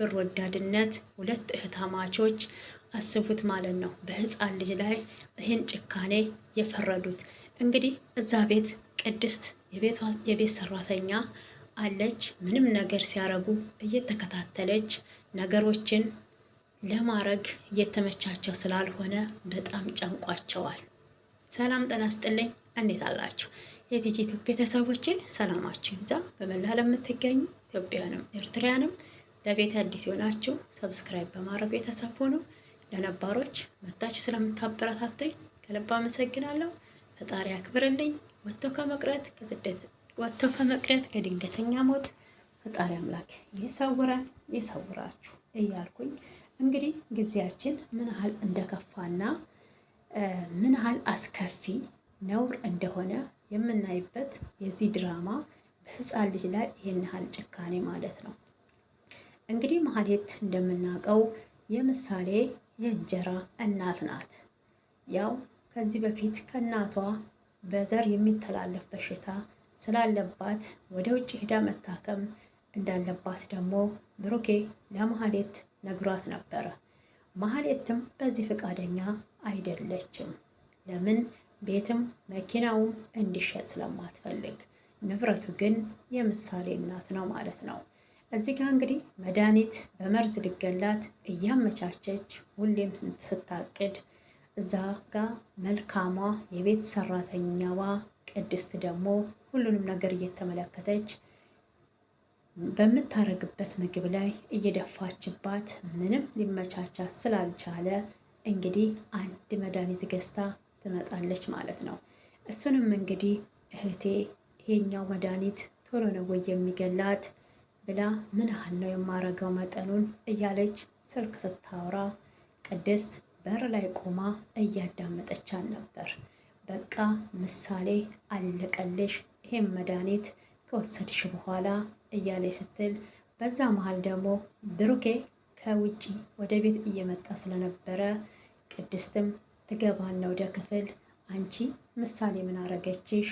ብር ወዳድነት ሁለት እህታማቾች አስቡት ማለት ነው። በህፃን ልጅ ላይ ይህን ጭካኔ የፈረዱት እንግዲህ እዛ ቤት ቅድስት የቤት ሰራተኛ አለች። ምንም ነገር ሲያረጉ እየተከታተለች ነገሮችን ለማረግ እየተመቻቸው ስላልሆነ በጣም ጨንቋቸዋል። ሰላም ጤና ይስጥልኝ። እንዴት አላችሁ? የቲጂ ቤተሰቦቼ ሰላማችሁ ይብዛ። በመላ ለምትገኙ ኢትዮጵያንም ኤርትራውያንም ለቤት አዲስ የሆናችሁ ሰብስክራይብ በማድረግ ቤተሰብ ሆኑ። ለነባሮች መታችሁ ስለምታበረታቱኝ ከልብ አመሰግናለሁ። ፈጣሪ አክብርልኝ። ወጥቶ ከመቅረት ከስደት ወጥቶ ከመቅረት ከድንገተኛ ሞት ፈጣሪ አምላክ ይሰውረን ይሰውራችሁ እያልኩኝ እንግዲህ ጊዜያችን ምን ያህል እንደከፋና ምን ያህል አስከፊ ነውር እንደሆነ የምናይበት የዚህ ድራማ በህፃን ልጅ ላይ ይህን ያህል ጭካኔ ማለት ነው እንግዲህ ማህሌት እንደምናውቀው የምሳሌ የእንጀራ እናት ናት። ያው ከዚህ በፊት ከእናቷ በዘር የሚተላለፍ በሽታ ስላለባት ወደ ውጭ ሄዳ መታከም እንዳለባት ደግሞ ብሩኬ ለማህሌት ነግሯት ነበረ። ማህሌትም በዚህ ፈቃደኛ አይደለችም። ለምን ቤትም መኪናውም እንዲሸጥ ስለማትፈልግ፣ ንብረቱ ግን የምሳሌ እናት ነው ማለት ነው። እዚህ ጋር እንግዲህ መድኃኒት በመርዝ ልገላት እያመቻቸች ሁሌም ስታቅድ፣ እዛ ጋር መልካሟ የቤት ሰራተኛዋ ቅድስት ደግሞ ሁሉንም ነገር እየተመለከተች በምታረግበት ምግብ ላይ እየደፋችባት ምንም ሊመቻቻት ስላልቻለ እንግዲህ አንድ መድኃኒት ገዝታ ትመጣለች ማለት ነው። እሱንም እንግዲህ እህቴ ይሄኛው መድኃኒት ቶሎ ነው ወይ የሚገላት ብላ ምን ያህል ነው የማረገው መጠኑን እያለች ስልክ ስታወራ ቅድስት በር ላይ ቆማ እያዳመጠቻን ነበር። በቃ ምሳሌ አለቀልሽ፣ ይሄም መድኃኒት ከወሰድሽ በኋላ እያለች ስትል፣ በዛ መሀል ደግሞ ብሩኬ ከውጭ ወደ ቤት እየመጣ ስለነበረ ቅድስትም ትገባና ወደ ክፍል አንቺ ምሳሌ ምን አረገችሽ?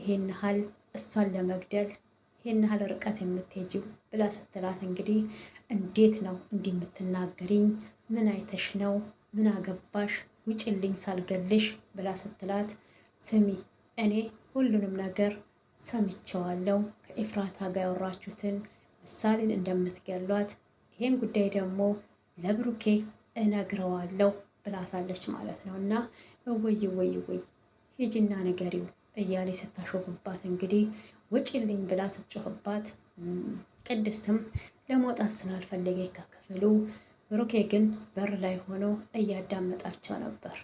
ይሄን ሀል እሷን ለመግደል ይህን ያህል ርቀት የምትሄጂው ብላ ስትላት እንግዲህ እንዴት ነው እንዲህ የምትናገሪኝ? ምን አይተሽ ነው? ምን አገባሽ? ውጭልኝ ሳልገልሽ ብላ ስትላት ስሚ እኔ ሁሉንም ነገር ሰምቼዋለሁ ከኤፍራታ ጋር ያወራችሁትን ምሳሌን እንደምትገሏት ይህም ጉዳይ ደግሞ ለብሩኬ እነግረዋለሁ ብላታለች ማለት ነው። እና እወይ ወይ እወይ ሂጂና ንገሪው እያሌ ስታሾፍባት እንግዲህ ውጪልኝ ብላ ስትጮህባት ቅድስትም ለመውጣት ስላልፈለገ ከክፍሉ ብሩኬ ግን በር ላይ ሆኖ እያዳመጣቸው ነበር።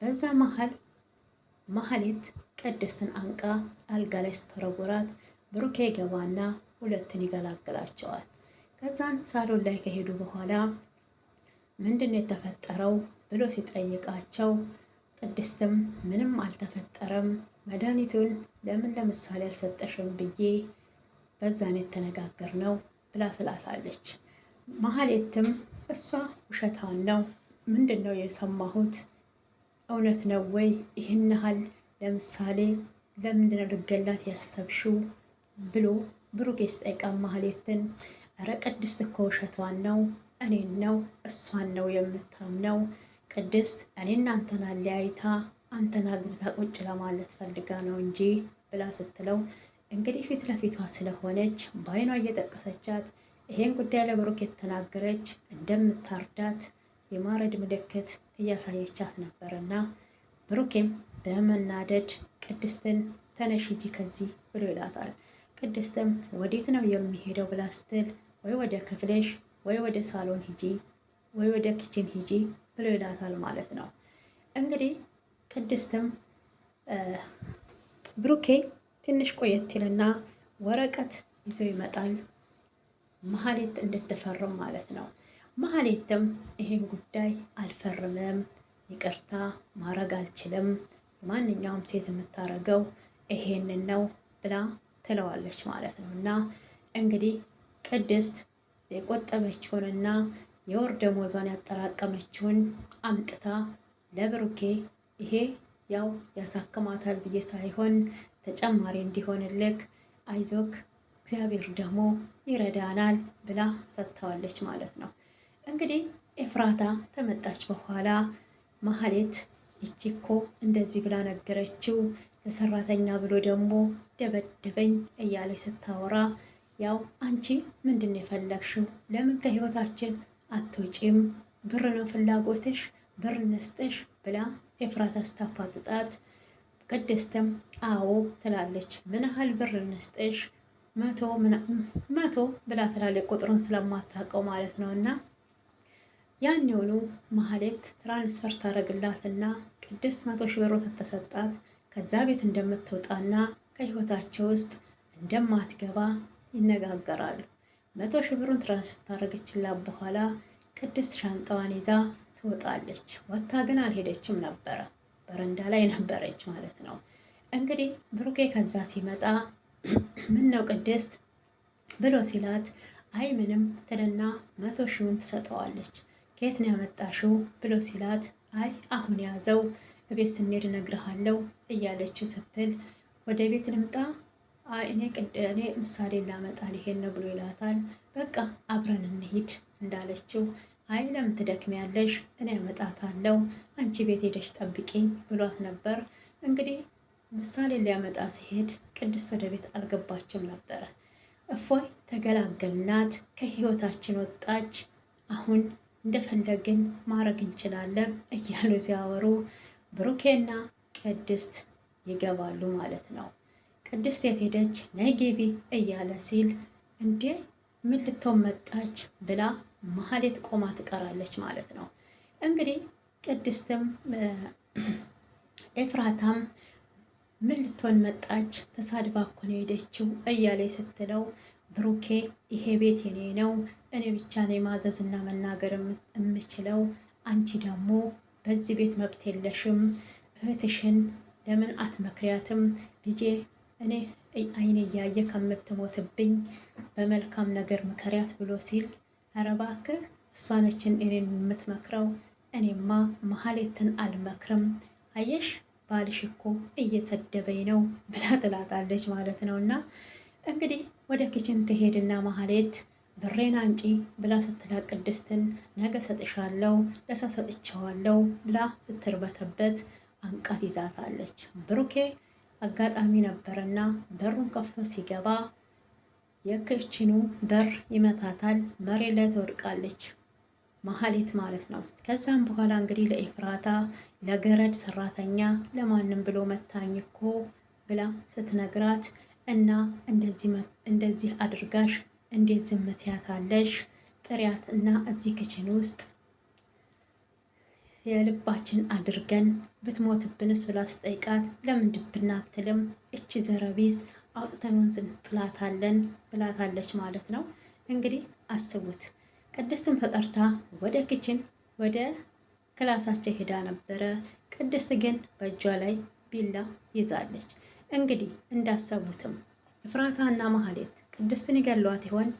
በዛ መሀል መሀሌት ቅድስትን አንቃ አልጋ ላይ ስትወረውራት ብሩኬ ገባና ሁለትን ይገላግላቸዋል። ከዛን ሳሎን ላይ ከሄዱ በኋላ ምንድን ነው የተፈጠረው ብሎ ሲጠይቃቸው ቅድስትም ምንም አልተፈጠረም፣ መድኃኒቱን ለምን ለምሳሌ አልሰጠሽም ብዬ በዛን የተነጋገር ነው ብላ ትላታለች። መሀሌትም እሷ ውሸታን ነው ምንድን ነው የሰማሁት እውነት ነው ወይ? ይህን ያህል ለምሳሌ ለምንድን ነው ልገላት ያሰብሽው ብሎ ብሩክ የስጠይቃ ማህሌትን ኧረ ቅድስት እኮ ውሸቷን ነው እኔን ነው እሷን ነው የምታምነው ቅድስት እኔና አንተና አለያይታ አንተን አግብታ ቁጭ ለማለት ፈልጋ ነው እንጂ ብላ ስትለው እንግዲህ ፊት ለፊቷ ስለሆነች በአይኗ እየጠቀሰቻት ይሄን ጉዳይ ለብሩክ የተናገረች እንደምታርዳት የማረድ ምልክት እያሳየቻት ነበርና ብሩኬም በመናደድ ቅድስትን ተነሽ ሂጂ ከዚህ ብሎ ይላታል። ቅድስትም ወዴት ነው የሚሄደው ብላ ስትል ወይ ወደ ክፍልሽ ወይ ወደ ሳሎን ሂጂ ወይ ወደ ክችን ሂጂ ብሎ ይላታል ማለት ነው። እንግዲህ ቅድስትም ብሩኬ ትንሽ ቆየት ይልና ወረቀት ይዞ ይመጣል መሀሌት እንድትፈርም ማለት ነው። መሀሌትም ይሄን ጉዳይ አልፈርምም፣ ይቅርታ ማድረግ አልችልም፣ ማንኛውም ሴት የምታደርገው ይሄንን ነው ብላ ትለዋለች ማለት ነው። እና እንግዲህ ቅድስት የቆጠበችውንና የወር ደሞዟን ያጠራቀመችውን አምጥታ ለብሩኬ ይሄ ያው ያሳክማታል ብዬ ሳይሆን ተጨማሪ እንዲሆንልክ አይዞክ እግዚአብሔር ደግሞ ይረዳናል ብላ ሰጥተዋለች ማለት ነው። እንግዲህ ኤፍራታ ከመጣች በኋላ ማህሌት እቺ እኮ እንደዚህ ብላ ነገረችው፣ ለሰራተኛ ብሎ ደግሞ ደበደበኝ እያለች ስታወራ ያው አንቺ ምንድን የፈለግሽው? ለምን ከህይወታችን አትወጪም፣ ብር ነው ፍላጎትሽ፣ ብር ነስጠሽ ብላ ኤፍራት አስታፋጥጣት። ቅድስትም አዎ ትላለች። ምን ያህል ብር ነስጠሽ? መቶ ብላ ትላለች። ቁጥሩን ስለማታውቀው ማለት ነው። እና የሆኑ ማህሌት ትራንስፈር ታደርግላትና ቅድስት መቶ ሺህ ብር ተተሰጣት ከዛ ቤት እንደምትወጣና ከህይወታቸው ውስጥ እንደማትገባ ይነጋገራሉ። መቶ ሺህ ብሩን ትራንስፈር በኋላ ቅድስት ሻንጣዋን ይዛ ትወጣለች። ወታ ግን አልሄደችም ነበረ፣ በረንዳ ላይ ነበረች ማለት ነው። እንግዲህ ብሩኬ ከዛ ሲመጣ ምን ነው ቅድስት ብሎ ሲላት አይ ምንም ትልና መቶ ሺውን ትሰጠዋለች። ከየት ነው ያመጣሽው ብሎ ሲላት አይ አሁን ያዘው እቤት ስንሄድ እነግርሃለሁ እያለችው ስትል ወደ ቤት ልምጣ እኔ እኔ ምሳሌ ላመጣል ይሄን ነው ብሎ ይላታል። በቃ አብረን እንሂድ እንዳለችው አይ ለምን ትደክሚያለሽ? እኔ አመጣታለሁ አንቺ ቤት ሄደሽ ጠብቂኝ ብሏት ነበር። እንግዲህ ምሳሌ ሊያመጣ ሲሄድ ቅድስት ወደ ቤት አልገባችም ነበረ። እፎይ ተገላገልናት፣ ከህይወታችን ወጣች፣ አሁን እንደፈለግን ማድረግ እንችላለን እያሉ ሲያወሩ ብሩኬና ቅድስት ይገባሉ ማለት ነው። ቅድስት የት ሄደች? ነይ ግቢ እያለ ሲል እንዴ ምን ልትሆን መጣች ብላ ማህሌት ቆማ ትቀራለች ማለት ነው። እንግዲህ ቅድስትም ኤፍራታም ምን ልትሆን መጣች? ተሳድባ እኮ ነው የሄደችው እያለ ስትለው ብሩኬ ይሄ ቤት የኔ ነው፣ እኔ ብቻ ነኝ ማዘዝና መናገር የምችለው። አንቺ ደግሞ በዚህ ቤት መብት የለሽም። እህትሽን ለምን አትመክሪያትም? ልጄ እኔ አይኔ እያየ ከምትሞትብኝ በመልካም ነገር ምከሪያት ብሎ ሲል ኧረ እባክህ እሷ ነችን እኔን የምትመክረው እኔማ መሀሌትን አልመክርም አየሽ ባልሽ እኮ እየሰደበኝ ነው ብላ ትላጣለች ማለት ነው እና እንግዲህ ወደ ኪችን ትሄድና መሀሌት ብሬን አንጪ ብላ ስትላ ቅድስትን ነገ ሰጥሻለው ለሰሰጥቸዋለው ብላ ስትርበተበት አንቃት ይዛታለች ብሩኬ አጋጣሚ ነበርና በሩን ከፍቶ ሲገባ የክችኑ በር ይመታታል። መሬት ላይ ትወድቃለች መሀሌት ማለት ነው። ከዛም በኋላ እንግዲህ ለኤፍራታ ለገረድ ሰራተኛ ለማንም ብሎ መታኝ እኮ ብላ ስትነግራት እና እንደዚህ አድርጋሽ እንዴት ዝምትያታለሽ? ጥሪያት እና እዚህ ክችን ውስጥ የልባችን አድርገን ብትሞትብንስ ብላ ስጠይቃት ለምን ድብናትልም እቺ ዘረቢዝ አውጥተን ወንዝ ብላታለች ማለት ነው። እንግዲህ አስቡት ቅድስትን ተጠርታ ወደ ክችን ወደ ክላሳቸው ሄዳ ነበረ። ቅድስት ግን በእጇ ላይ ቢላ ይዛለች። እንግዲህ እንዳሰቡትም እና ማህሌት ቅድስትን ይገሏት ይሆን?